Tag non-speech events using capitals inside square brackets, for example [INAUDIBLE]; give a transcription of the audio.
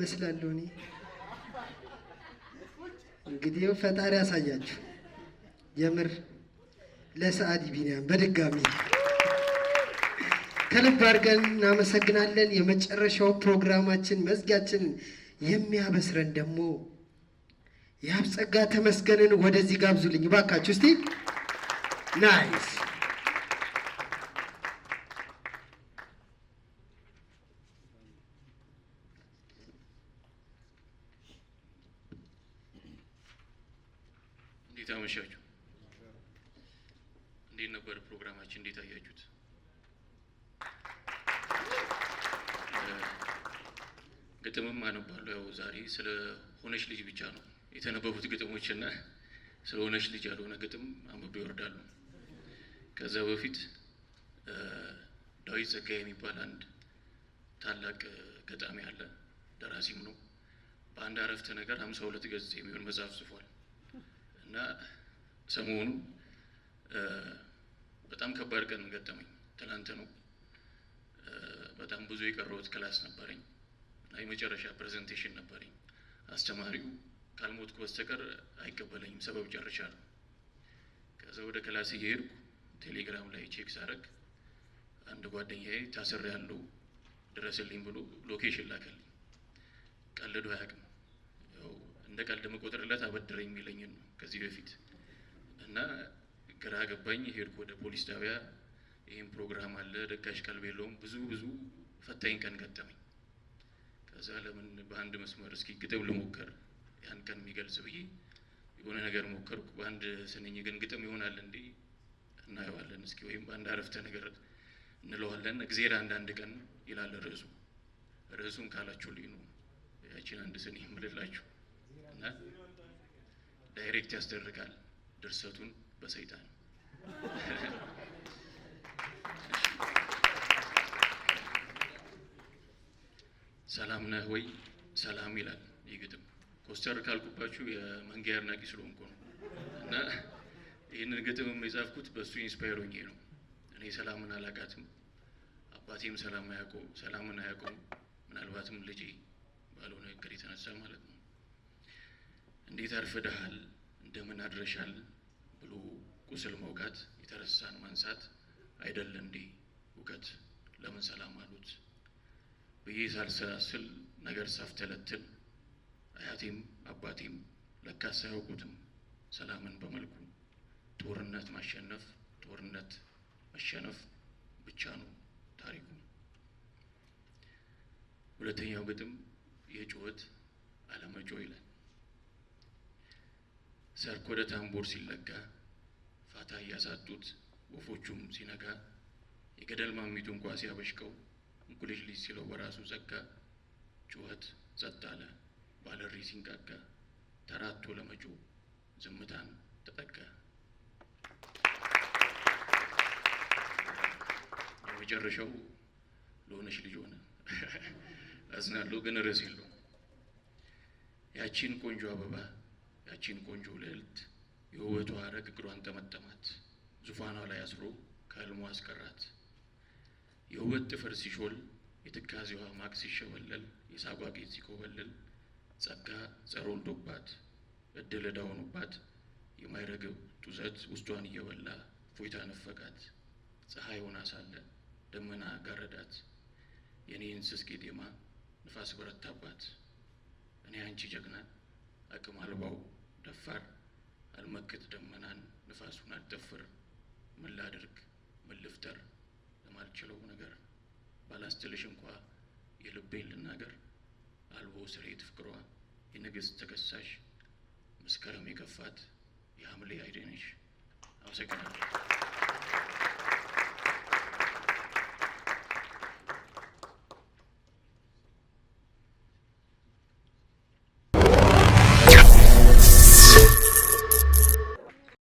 እመስላለሁ እኔ። እንግዲህ ፈጣሪ ያሳያችሁ። የምር ለሰዓዲ ቢኒያም በድጋሚ ከልብ አድርገን እናመሰግናለን። የመጨረሻው ፕሮግራማችን መዝጊያችንን የሚያበስረን ደግሞ የአብጸጋ ተመስገንን ወደዚህ ጋብዙልኝ እባካችሁ እስቲ ናይስ እንዴት አመሻችሁ? እንዴት ነበር ፕሮግራማችን? እንዴት አያችሁት? ግጥምም አነባለሁ። ያው ዛሬ ስለ ሆነች ልጅ ብቻ ነው የተነበቡት ግጥሞች እና ስለ ሆነች ልጅ ያልሆነ ግጥም አንብቤ ይወርዳሉ። ከዛ በፊት ዳዊት ጸጋዬ የሚባል አንድ ታላቅ ገጣሚ አለ፣ ደራሲም ነው። በአንድ አረፍተ ነገር ሀምሳ ሁለት ገጽ የሚሆን መጽሐፍ ጽፏል። እና ሰሞኑ በጣም ከባድ ቀን ገጠመኝ። ትላንት ነው። በጣም ብዙ የቀረሁት ክላስ ነበረኝ እና የመጨረሻ ፕሬዘንቴሽን ነበረኝ። አስተማሪው ካልሞትኩ በስተቀር አይቀበለኝም፣ ሰበብ ጨርሻለሁ። ከዛ ወደ ክላስ እየሄድኩ ቴሌግራም ላይ ቼክ ሳረግ አንድ ጓደኛዬ ታስሬያለሁ ድረስልኝ ብሎ ሎኬሽን ላከልኝ። ቀልዶ አያውቅም። እንደ ቀልድ መቆጥርለት አበድረኝ የሚለኝን ነው ከዚህ በፊት እና ግራ ገባኝ። ሄድኩ ወደ ፖሊስ ጣቢያ። ይህም ፕሮግራም አለ ደጋሽ ቀልብ የለውም። ብዙ ብዙ ፈታኝ ቀን ገጠመኝ። ከዛ ለምን በአንድ መስመር እስኪ ግጥም ልሞከር ያን ቀን የሚገልጽ ብዬ የሆነ ነገር ሞከርኩ። በአንድ ስንኝ ግን ግጥም ይሆናል እንዴ? እናየዋለን እስኪ ወይም በአንድ አረፍተ ነገር እንለዋለን። እግዜር አንዳንድ ቀን ይላል ርዕሱ። ርዕሱን ካላችሁልኝ ነው ያችን አንድ ስንኝ ምልላችሁ እና ዳይሬክት ያስደርጋል ድርሰቱን በሰይጣን ሰላም ነህ ወይ ሰላም ይላል። ይህ ኮስተር ካልኩባችሁ የመንጊያ አድናቂ ስለሆንኩ ነው እና ይህንን ግጥም የጻፍኩት በእሱ ኢንስፓይር ሆኜ ነው። እኔ ሰላምን አላቃትም አባቴም ሰላም አያውቀው ሰላምን አያውቀውም። ምናልባትም ልጄ ባልሆነ እቅድ የተነሳ ማለት ነው። እንዴት አርፍደሃል፣ እንደምን አድረሻል ብሎ ቁስል መውጋት የተረሳን ማንሳት አይደለም እንዴ እውቀት ለምን ሰላም አሉት ብዬ ሳልሰላስል ነገር ሳፍተለትል አያቴም አባቴም ለካ ሳያውቁትም ሰላምን በመልኩ ጦርነት ማሸነፍ ጦርነት መሸነፍ ብቻ ነው ታሪኩ። ሁለተኛው ግጥም የጩኸት አለመጮ ይላል። ሰርክ ወደ ታምቦር ሲለጋ ፋታ እያሳጡት ወፎቹም ሲነጋ የገደል ማሚቱ እንኳ ሲያበሽቀው እንቁልሽ ልጅ ሲለው በራሱ ጸጋ ጩኸት ጸጥ አለ ባለሪ ሲንቃጋ ተራቶ ለመጮ ዝምታን ተጠጋ። የመጨረሻው ለሆነች ልጅ ሆነ። አዝናለሁ [LAUGHS] ግን ርዕስ የለውም ያቺን ቆንጆ አበባ ያቺን ቆንጆ ልዕልት የውበቷ ሐረግ እግሯን ጠመጠማት፣ ዙፋኗ ላይ አስሮ ከህልሟ አስቀራት። የውበት ጥፍር ሲሾል፣ የትካዜዋ ማቅ ሲሸበለል፣ የሳጓ ጌጥ ሲኮበልል፣ ጸጋ ጸሮ ወልዶባት እድል ዕዳ ሆኖባት የማይረግብ ጡዘት ውስጧን እየበላ ፎይታ ነፈቃት። ፀሐይ ሆና ሳለ ደመና ጋረዳት። የኔ እንስስ ንፋስ በረታባት። እኔ አንቺ ጀግና አቅም አልባው ደፋር አልመክት ደመናን ንፋሱን አልጠፍር ምን ላድርግ ምን ልፍጠር ለማልችለው ነገር ባላስትልሽ እንኳ የልቤን ልናገር አልቦ ስሬት ፍቅሯ የንግሥት ተከሳሽ መስከረም የከፋት የሐምሌ አይደነሽ። አመሰግናለሁ።